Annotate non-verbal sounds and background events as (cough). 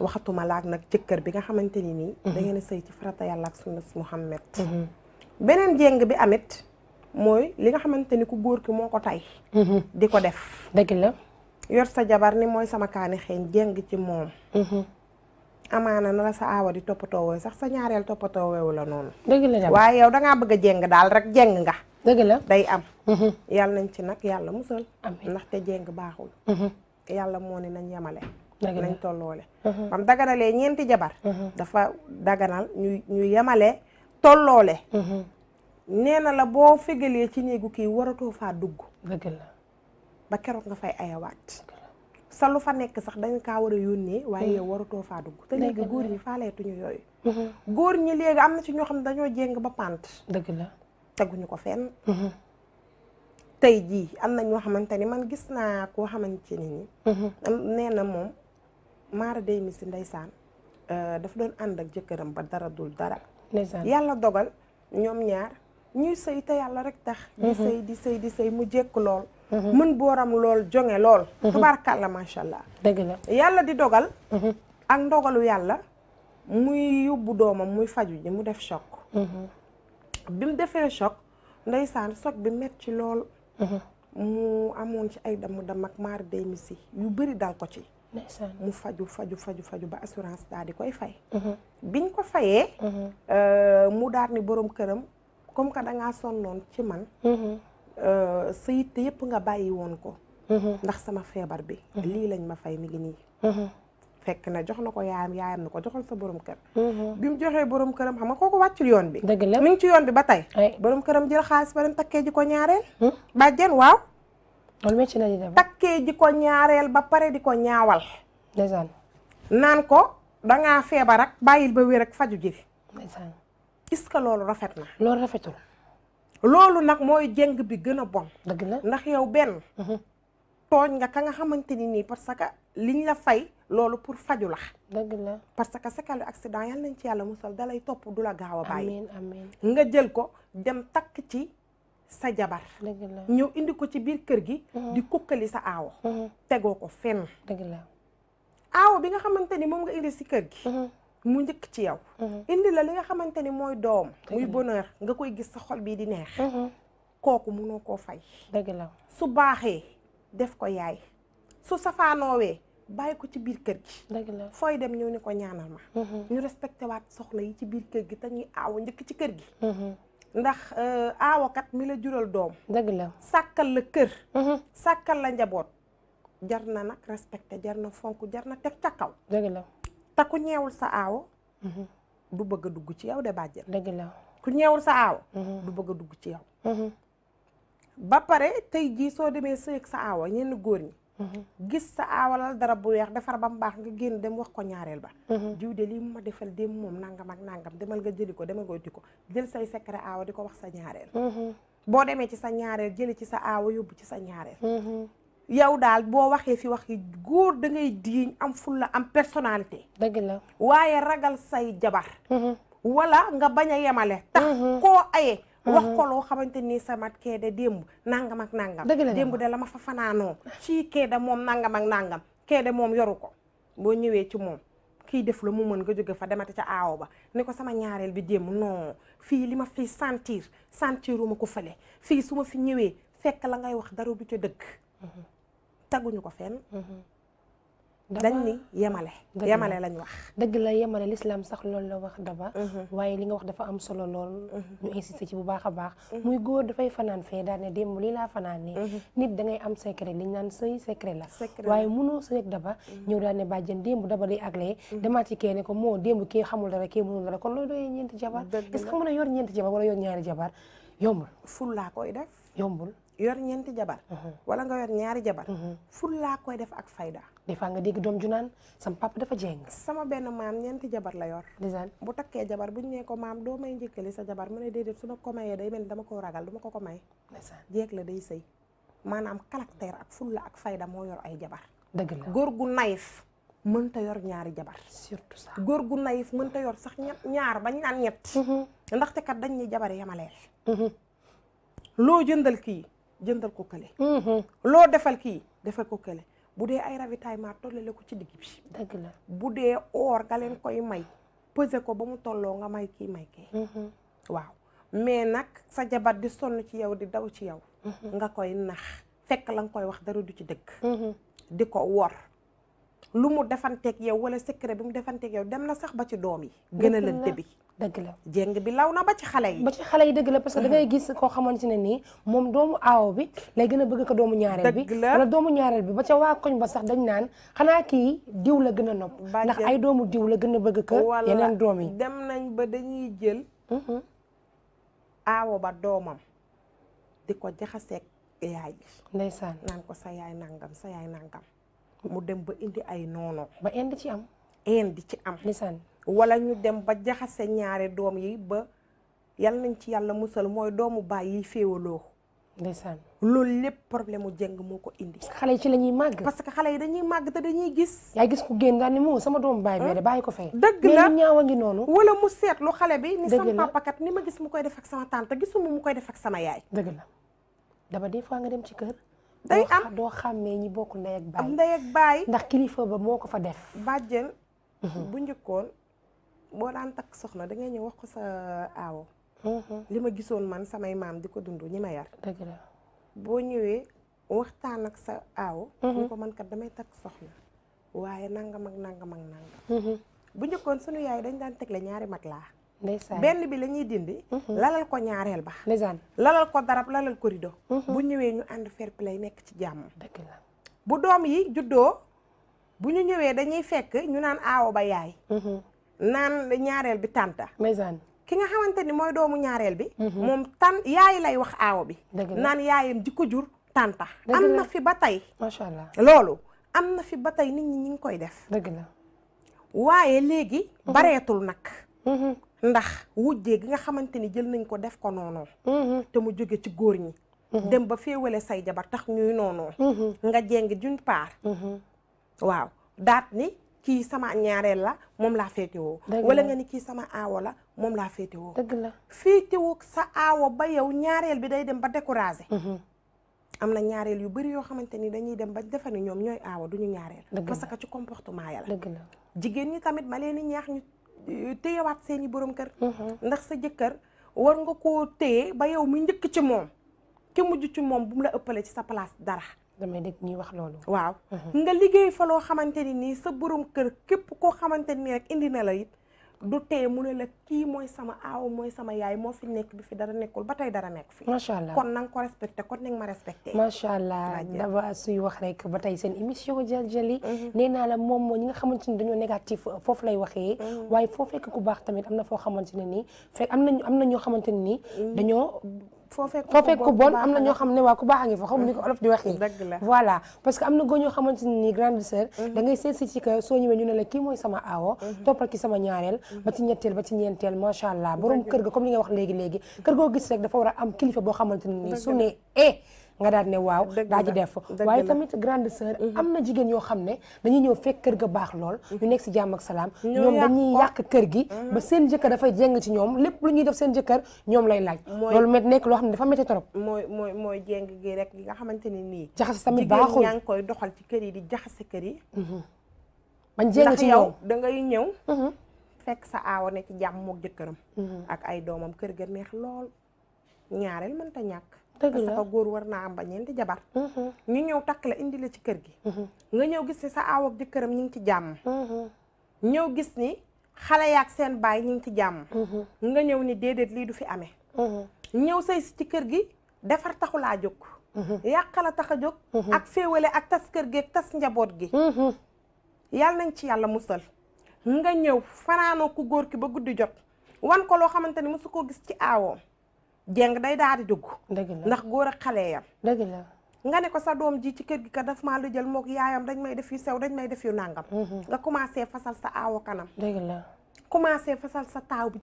waxatuma laag nag jëkkër bi nga xamante ni nii mhm. da ngeen a sëy ci farata yàlla ak sunna Muhammad mhm. beneen jéng bi amit mooy li nga xamante ni ku góor ki moo ko tay mhm. di ko def dëgg la yor sa jabar ni mooy sama kaani xeeñ jéng ci moom amaana na la sa aawa di toppatoo wooyu sax sa ñaareel toppatoo wooyu la noonu dëgg waaye yow dangaa bëgg a jéng daal rek jéng nga dëgg la day am yàlla nañ ci nag yàlla musal ndaxte jéng baaxul yàlla moo ne nañ yemale lañ tolloole bam uh-huh. daganalee ñeenti jabar uh-huh. dafa daganal ñu ñu yemale tolloole uh-huh. nee na la boo fégalee ci néegu kii waratoo faa dugg dëgg ba keroog nga fay ayawaat sa lu fa nekk sax dañ kaa war a yónnee waaye yow waratoo faa dugg te léegi góor ñi faaleetuñu yooyu góor ñi léegi am na ci ñoo xam ne dañoo jéng ba pant dëgg la teguñu ko fenn tey jii am na ñoo xamante ni man gis naa koo xamante ni na moom maara day mi si ndeysaan euh, dafa doon ànd ak jëkkëram ba dara dul dara yàlla dogal ñoom ñaar ñuy sëy te yàlla rek tax di mhm. sëy di sëy di sëy mu jekk lool mhm. mën booram lool jonge lool mhm. tubaarkàlla macha allah dëgg yàlla di dogal ak ndogalu yàlla muy yóbbu doomam muy faju ji mu def choc bi mu defee choc ndeysaan choc bi metti ci lool mu amoon ci ay damu dam ak maar day misi yu bëri dal ko ci mu faju faju faju faju ba assurance daal di koy fay mhm. biñ ko fayee mhm. euh, mu daal ni borom këram comme que dangaa sonnoon ci man mhm. euh, sa yitte yëpp nga bàyyi woon ko ndax sama feebar bi lii lañ ma fay mi ngi nii fekk na jox na ko yaayam yaayam na ko joxal sa borom kër bi mu joxee borom këram xam nga kooku wàccul yoon bi dëgg la ci yoon bi ba tey borom këram jël xaalis ba dem takkee ji ko ñaareel hmm? bàjjen waaw loolu métti na di dem takkee ji ko ñaareel ba pare di ko ñaawal. ndeysaan. naan ko dangaa feebar ak bàyyil ba wér ak faju ji. ndeysaan. est loolu rafet na. loolu rafetul. loolu nag mooy jëng bi gën a bon. dëgg la ndax yow benn. Mhm. tooñ nga ka nga xamante ni nii parce que liñ la fay loolu pour faju la. dëgg la parce que sekalu accident yal nañ ci yàlla musal dalay topp du la gaaw a bàyyi. amiin amiin nga jël ko dem takk ci. sa jabar ñëw indi ko ci biir kër gi mm-hmm. di kukkali sa aawo mm-hmm. tegoo ko fenn dëgg la aawo bi nga xamante ni moom nga indi si kër gi mm-hmm. mu njëkk ci yow indi la li nga xamante ni mooy doom muy bonheur nga koy gis sa xol bii di neex kooku mënoo koo fay dëgg la su baaxee def ko yaay su safaanoowee bàyyi ko ci biir kër gi dëgg la fooy dem ñëw ni ko ñaanal ma ñu respecté waat soxla yi ci biir kër gi te ñuy aawo njëkk ci kër gi ndax euh, aawakat mi la jural doom dëgg la sàkkal la kër mhm. sàkkal la njaboot jar na nag respecté jar na fonk jar na teg ca kaw dëgg te ku ñeewul sa aawo mhm. du bëgg a dugg ci yow de bàjjen dëgg ku ñeewul sa aawo mhm. du bëgg a dugg ci yow ba pare tey jii soo demee sëy sa aawo ñenn góor ñi gis sa aawalal dara bu weex defar ba mu baax nga génn dem wax ko ñaareel ba jiw mhm. de lii mu ma defal dem moom nangam ak nangam demal nga jëli ko demal nga uti ko jël say secret aawa di ko wax sa ñaareel mhm. boo demee ci sa ñaareel jëli ci sa aawa yóbbu ci sa ñaareel mhm. yow daal boo waxee fi wax góor dangay ngay diiñ am fulla am personnalité dagg la waaye ragal say jabar wala nga bañ a yemale tax koo aye Mm-hmm. wax ko xamante ni samat kee de démb nangam ak nangam démb de la ma fa fanaanoo ci kee moom nangam ak nangam kee moom yoru ko boo ñëwee ci moom kii def la mu mën nga jóge fa demate ca aawo ba ni ko sama ñaareel bi démb non fii li ma fi sentir sentiruma ko fële fii su ma fi ñëwee fekk la ngay wax dara du ca dëgg mm-hmm. taguñu ko fenn mm-hmm. dañ ni yemale yemale lañ wax dëgg la yemale l'islam sax loolu la wax daba mhm. waaye li nga wax dafa am solo lool mhm. ñu insisté ci bu baax a baax mhm. muy góor dafay fanaan fee daal ne démb lii laa fanaan ne nit da am secret liñ naan sëy secret la waaye mënoo sëy ak daba ñëw daal ne bàjjen démb daba di aglee demaat ci kene ko moo démb kii xamul dara kii mënul dara kon lool doyee ñeenti jabar est-ce que mën a yor ñeenti jabar wala yor ñaari jabar laa koy def yombul yor ñeenti jabar wala nga yor ñaari jabar ful laa koy def ak fayda des fois nga dégg doom ju naan sama papa dafa nga sama benn maam ñeenti jabar la yor ndeysaan bu takkee jabar buñ nee ko maam doo may njëkkali sa jabar mu ne déedéet su ma ko mayee day mel ni dama ko ragal du ko ko may ndeysaan jeeg la day sëy maanaam caractère ak fulla ak fayda moo yor ay jabar dëgg la góor gu nayif mënta yor ñaari jabar surtout góor gu nayif mënta yor sax ñett ñaar bañ naan ñett mhm. ndaxte kat dañ ñuy jabar yamaleel mhm. loo jëndal kii jëndal ko kële mhm. loo defal kii defal ko kële bu dee ay ravitaillement tollale ko ci digg bi dëgg la bu dee oor nga leen koy may peser ko ba mu tolloo nga may kii may kii mm-hmm. waaw mais nag sa jabar di sonn ci yow di daw ci yow mm-hmm. nga koy nax fekk la nga koy wax dara du ci dëgg mm-hmm. di ko wor lu mu defanteeg yow wala secret bi mu defanteeg dem na sax ba ci doom yi gën a lante bi dëgg la jéng bi law na ba ci xale yi ba ci xale yi dëgg la parce que da ngay gis koo xamante ne nii moom doomu aaw bi lay gën a bëgg ko doomu ñaareel bi wala doomu ñaareel bi ba ca waa koñ ba sax dañ naan xanaa kii diw la gën a nopp ndax ay doomu diw la gën a bëgg ko yeneen doom yi dem nañ ba dañuy jël mm-hmm. aawo ba doomam di ko jaxaseek yaay bi ndeysaan naan ko sa yaay nangam sa yaay nangam mu dem ba indi ay noonu. ba indi ci am. indi ci am. nisaan wala ñu dem ba jaxase ñaari doom yi ba yal nañ ci yàlla musal mooy doomu baay yi féewaloo. ndeysaan loolu lépp problème mu jëng moo ko indi. parce xale yi ci la ñuy màgg. parce que xale yi dañuy màgg te dañuy gis. yaa gis ku génn daal ni moom sama doomu baay bee de bàyyi ko fay. dëgg la mais ngi noonu. wala mu seetlu xale bi. ni sama papa kat ni ma gis koy def ak sama tante gisuma mu koy def sama yaay. dëgg la dama des fois nga dem ci kër. day am doo xàmmee ñi bokk ndey ak baay ndey ndax kilifa ba moo ko fa def bàjjen mhm. bu njëkkoon boo daan takk soxna da ngay ñëw wax ko sa aawo mhm. li ma gisoon man samay maam di ko dund ñi ma yar dëgg boo ñëwee waxtaan ak sa aawo ñu mhm. ko man kat damay takk soxna waaye nangam mag nangam mag nangam bu njëkkoon suñu yaay dañ daan tegle ñaari mat laa benn bi lañuy ñuy dindi mhm. lalal ko ñaareel ba lalal ko darab lalal ko rido mhm. bu ñëwee ñu ànd fair lay nekk ci jàmm bu doom yi juddoo bu ñu ñëwee dañuy fekk ñu naan aawo ba yaay mhm. naan ñaareel bi tànta ki nga xamante ni mooy doomu ñaareel bi moom tan yaay lay wax aawo bi naan yaayam ji ko jur tànta am na fi ba tey macha allah loolu am na fi ba tey nit ñi ñi ngi koy def dëgg la waaye léegi bareetul nag ndax wujjee gi nga xamante ni jël nañ ko def ko noonu. Mm-hmm. te mu jóge ci góor ñi. Mm-hmm. dem ba féewale say jabar tax ñuy noonoo mm-hmm. nga jeng d'une part. waaw daat ni kii sama ñaareel la moom laa féetewoo. wala nga ni kii sama aawo la moom laa féetewoo. dëgg la féetewoo sa aawo ba yow ñaareel bi day dem ba découragé. am na ñaareel yu bari yoo xamante ni dañuy dem ba defe ni ñoom ñooy aawo duñu ñaareel. parce ci comportement ya la. la jigéen ñi tamit ma leen ñaax ñu. téyewaat seen i borom kër. Mhm. ndax sa jëkkër war nga ko téye ba yow mu njëkk ci moom ki mujj ci moom bu mu la ëppale ci sa place dara. damay dégg ñuy wax loolu. waaw mhm. nga liggéey fa loo xamante ni nii sa borom kër képp koo xamante ni rek indi na la it. du tee mu la kii mooy sama aaw mooy sama yaay moo fi nekk bi fi dara nekkul ba tey dara nekk fi macha allah kon nan ko respecté kon na ma respecté macha allah daba suy wax rek ba tey seen émission Jal Jali mhm. nee naa la moom moo ñi nga xamante ni dañoo négatif foofu lay waxee mhm. waaye foo fekk ku baax tamit am na foo xamante ne nii fekk am nañu am na ñoo xamante ne nii mhm. dañoo foo fekk ku bon am na ñoo xam ne waa ku baax a ngi fa xam ni ko olof di waxee (laughs) voilà parce que am na góor ñoo xamante ni grande sœur mhm. da ngay seet si ci que soo ñëwee ñu ne la kii mooy sama aawo mhm. toppal ki sama ñaareel mhm. ba ci ñetteel ba ci ñeenteel macha allah borom kër ga comme li nga wax léegi léegi kër goo gis rek dafa war a am kilifa boo xamante nii su ne eh nga daal ne waaw daa ji def waaye tamit grande sœur mhm. am na jigéen yoo xam ne dañuy ñëw fekk kër baax lool ñu nekk si jàmm ak salaam ñoom dañuy yàq kër gi mhm. ba seen jëkkër dafay jeng ci ñoom lépp lu ñuy def seen jëkkër ñoom lay laaj loolu met nekk loo xam ne dafa métti trop mooy mooy mooy jeng gi rek yi nga xamante ne nii jaxase tamit baaxul ñaa ngi koy doxal ci kër yi di jaxase kër yi man mhm. jeng ci yow da ngay ñëw fekk sa aawa ne ci jàmm mook jëkkëram ak ay doomam kër ga neex lool ñaareel mën ñàkk dëgg la parce que góor war naa am ba ñeenti jabar. Mm-hmm. ñu ñëw takk la indi la ci kër gi. Mm-hmm. nga ñëw gis ni sa aaw ak jëkkëram ñu ngi ci jàmm. Mm-hmm. gis ni xale yaak seen baay ñu ngi ci jàmm. ñëw ni déedéet lii du fi ame ñëw say si ci kër gi defar taxulaa jóg. yàqala tax a jóg. ak féewale ak tas kër gi ak tas njaboot gi. yàlla nañ ci yàlla musal. nga ñëw fanaanoo ku góor ki ba guddi jot wan ko loo xamante ni su ko gis ci aawoom. jeng day daal di dugg. dëgg la ndax góor ak xale yam. nga ne ko sa doom ji ci kër gi ka daf ma lu jël moog yaayam dañ may def yu sew dañ may def yu nàngam. Mm-hmm. nga commencé fasal sa aawo kanam. dëgg la commencé fasal sa taaw bi